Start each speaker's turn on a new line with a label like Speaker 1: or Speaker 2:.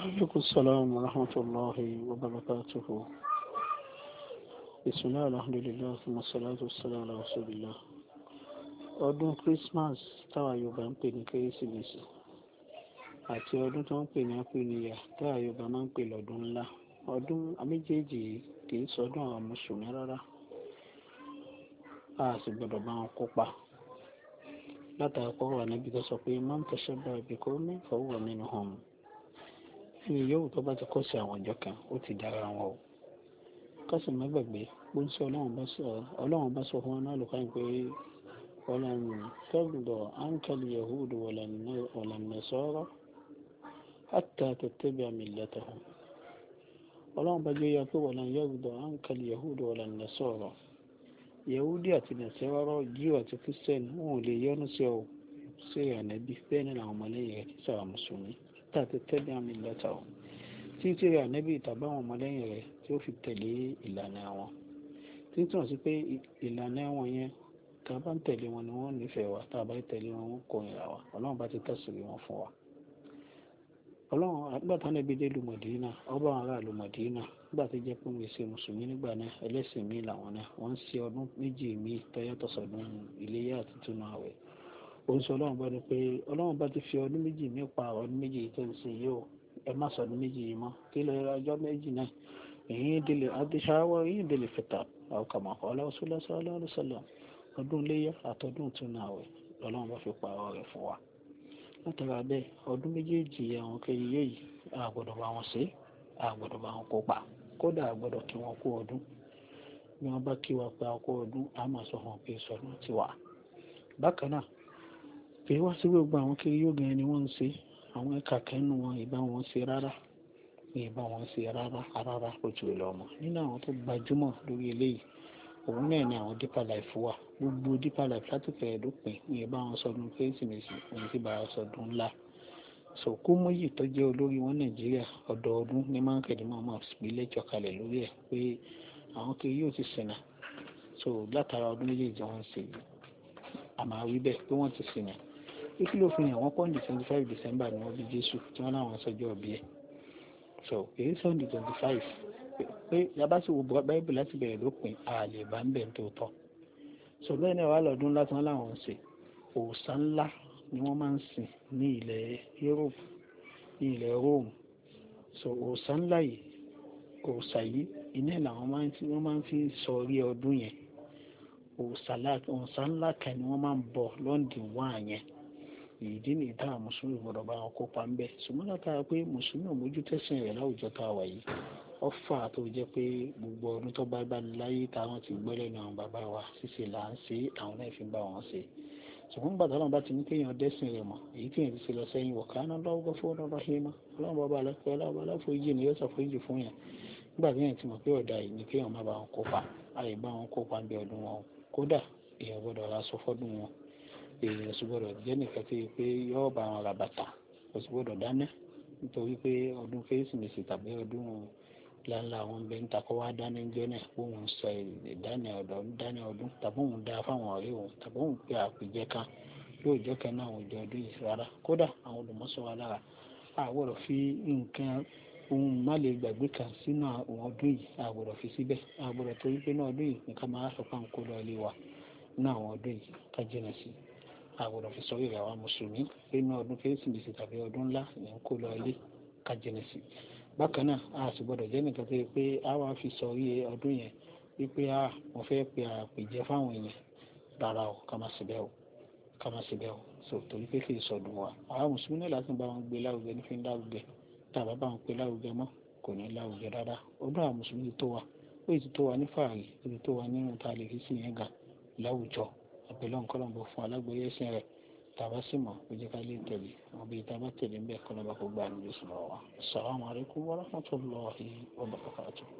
Speaker 1: عليكم السلام ورحمة الله وبركاته بسم الله الحمد لله ثم الصلاة والسلام على رسول الله ọdún Christmas táwa Yorùbá ń pè ní kérésìmesì àti ọdún tó ń pè ní apẹnìyà táwa Yorùbá máa ń pè lọ́dún ńlá ọdún méjèèjì kì í sọdún àwọn mùsùlùmí rárá a sì gbọ́dọ̀ bá wọn kópa látàkọ wà níbi tó sọ pé man tashabbaha biqawmin fahuwa minhum ẹni yòówù tó bá ti kó sí àwọn ìjọ kan ó ti dára wọn o kásì má gbàgbé bó ń sọ ọlọ́run bá sọ fún wọn náà lùkọ́ yìí pé ọlọ́run tẹ́gbọ̀dọ̀ áńkàlì yahudu wọ̀lànàṣọ́rọ́ àtà tẹ̀tẹ̀bí àmì ìlẹ́tọ̀ọ́ ọlọ́run bá jẹ́ yà pé wọ̀làn yàgùdọ̀ áńkàlì yahudu wọ̀lànàṣọ́rọ́ yahudi àti nàṣẹ́rọ́ jíò àti kristian wọn ò lè yọnu sí ọ sí ànábì bẹ́ẹ̀ ni làwọn ọmọlẹ́yìn rẹ̀ ti sára mùsùlùmí hatta tattabi'a millatahu títí rẹ̀ ànábì tàbí àwọn ọmọlẹ́yìn rẹ̀ tí ó fi tẹ̀lé ìlànà wọn títàn sí pé ìlànà wọn yẹn tá a bá ń tẹ̀lé wọn ni wọ́n nífẹ̀ẹ́ wa tá a bá ń tẹ̀lé wọn wọ́n kórìíra wa ọlọ́run bá ti tẹ̀sùrì wọn fún wa ọlọ́run àgbàtà níbi dé lu Mọ̀dínà ọba àwọn aráàlú Mọ̀dínà nígbà tó jẹ́ pé wọ́n mùsùlùmí nígbà náà ẹlẹ́sìn míì làwọn náà wọ́n ń ṣe ọdún méjì míì tọ́yọ́tọ̀sọ̀dún iléyà àti túnú àwẹ̀ ó ń sọ ọlọ́run bá ní pé ọlọ́run bá ti fi ọdún méjì nípa ọdún méjì tó ń ṣe yìí o ẹ má sọ ọdún méjì yìí mọ́ kí lọ ọjọ́ méjì náà èyí délé adéṣáwá èyí délé fìtà ọkàmọ̀ ọlọ́sọlọ́sọ ọlọ́sọlọ ọdún léyà àtọdún tún àwẹ̀ ọlọ́run bá fi pa ọrẹ fún wa látara bẹ́ẹ̀ ọdún méjèèjì àwọn kẹyìn yìí àgbọ̀dọ̀ bá wọn ṣe àgbọ̀dọ̀ bá wọn kópa kódà àgbọ̀dọ̀ kí wọn kú ọdún bí wọn bá kí wa pa ọkọ ọdún a máa sọ fún pé sọdún tiwa bákan náà kì í wá sí gbogbo àwọn kiri yóò gan ni wọ́n ń ṣe àwọn ẹ̀ka kẹ́nu wọn ìbá wọn ṣe rárá ní ìbá wọn ṣe rárá rárá ojú ìlú ọmọ nínú àwọn tó gbajúmọ̀ lórí eléyìí òun náà ni àwọn deeper life wà gbogbo deeper life látòkè ẹ̀dópin ní ìbá wọn sọdún kérésìmesì òun sì bá wọn sọdún ńlá Sòkòmóyì tó jẹ́ olórí wọn Nàìjíríà ọdọọdún ní mákàdé máa máa fi lórí ẹ̀ pé àwọn kiri yóò ti ṣìnà so látara ọdún méjèèjì wọn ń ṣe àmàwí bẹ́ẹ̀ pé wọ́n ti ṣìnà pé kí ló fi hàn wọ́n kọ́ńdì twenty five december ni wọ́n bí jésù tí wọ́n láwọn sọjọ́ ọbí ẹ̀ so èyí sọ́ndì twenty five pé yabasi wo báyìí láti bẹ̀rẹ̀ lópin ààlè bá ń bẹ̀ tó tọ́ so bẹ́ẹ̀ náà wà lọ́dún láti wọ́n láwọn ṣe òòṣà ńlá ni wọ́n máa ń sìn ní ilẹ̀ europe ní ilẹ̀ rome so òòṣà ńlá yìí òòṣà yìí iná làwọn máa ń fi sọrí ọdún yẹn òòṣà ńlá kan ni wọ́n máa ń bọ̀ lọ́ndì wọ́n àyẹn ìdí nìyí tá a mùsùlùmí gbọ́dọ̀ bá wọn kópa ń bẹ ṣùgbọ́n látara pé mùsùlùmí ò mójú tẹ̀sìn rẹ̀ láwùjọ tá a wà yìí ọfà tó jẹ́ pé gbogbo ọdún tó bá bá láyé táwọn ti gbọ́ lẹ́nu àwọn bàbá wa ṣíṣe là ń ṣe àwọn náà fi ń bá wọn ṣe ṣùgbọ́n gbàtà ọlọ́run bá ti ní kéèyàn dẹ́sìn rẹ̀ mọ̀ èyí tí èyí ti ṣe lọ sẹ́yìn wọ̀ káná lọ́wọ́ fún ọlọ́run rahima ọlọ́run bàbá aláfẹ́ aláwọ̀ aláforíjì ni yóò ṣàforíjì fún yẹn nígbà tí èyàn ti mọ̀ pé ọ̀dà yìí ni kéèyàn má bá wọn kópa àyè bá wọn kópa bí ọdún wọn kódà èèyàn gbọ́dọ̀ ra fọ́dún wọn èèyàn ṣùgbọ́dọ̀ jẹ́ nìkan tí pé yóò bá wọn ra bàtà kò sì dáná nítorí pé ọdún kérésìmesì tàbí ọdún ńláńlá àwọn bẹ́ẹ̀ ń takọ́ wá dáná jẹ́ náà pé òun sọ ìdáná ọ̀dọ̀ dáná ọdún tàbí òun dá fáwọn ọ̀rẹ́ òun tàbí òun pe àpèjẹ kan yóò jẹ́ kan náà òun jẹ ọdún yìí rárá kódà àwọn olùmọ̀sọ́ wa lára àwọ̀rọ̀ fi nǹkan ohun má lè gbàgbé kan sínú àwọn ọdún yìí àwọ̀rọ̀ fi síbẹ̀ àwọ̀rọ̀ torí pé náà ọdún yìí nǹkan máa sọ pé à ń kó lọ ilé wa ní àwọn ọdún yìí ká jìnnà sí i àgbọ̀dọ̀ fi sọ wíwà àwọn mùsùlùmí nínú ọdún kérésìmesì tàbí ọdún ńlá ní kó lọ ilé ká jìnà sí bákan náà a sì gbọ́dọ̀ jẹ́ nìkan tó yẹ pé a wá fi sọ iye ọdún yẹn wípé a mo fẹ́ pe àpèjẹ fáwọn èèyàn rárá o ká má sì bẹ́ẹ̀ o ká má sì bẹ́ẹ̀ o so torí pé kì í sọdún wa àwọn mùsùlùmí náà láti bá wọn gbé láwùjọ ní fi ń láwùjọ tàbá bá wọn pe láwùjọ mọ́ kò ní láwùjọ rárá ọdún àwọn mùsùlùmí tó wa ó ti tó wa ní fààrí ó ti tó wa nínú tá fi sí yẹn ga láwùjọ àpèlọ nǹkan bó fún alágbóyè ẹsìn rẹ tàbá sì mọ ó jẹ ká lè tẹlé wọn bí tàbá tẹlé ń bẹ kọlọmọ kó gbà níbi ìsìn lọ́wọ́ wa. Assalamu alaikum warahmatullahi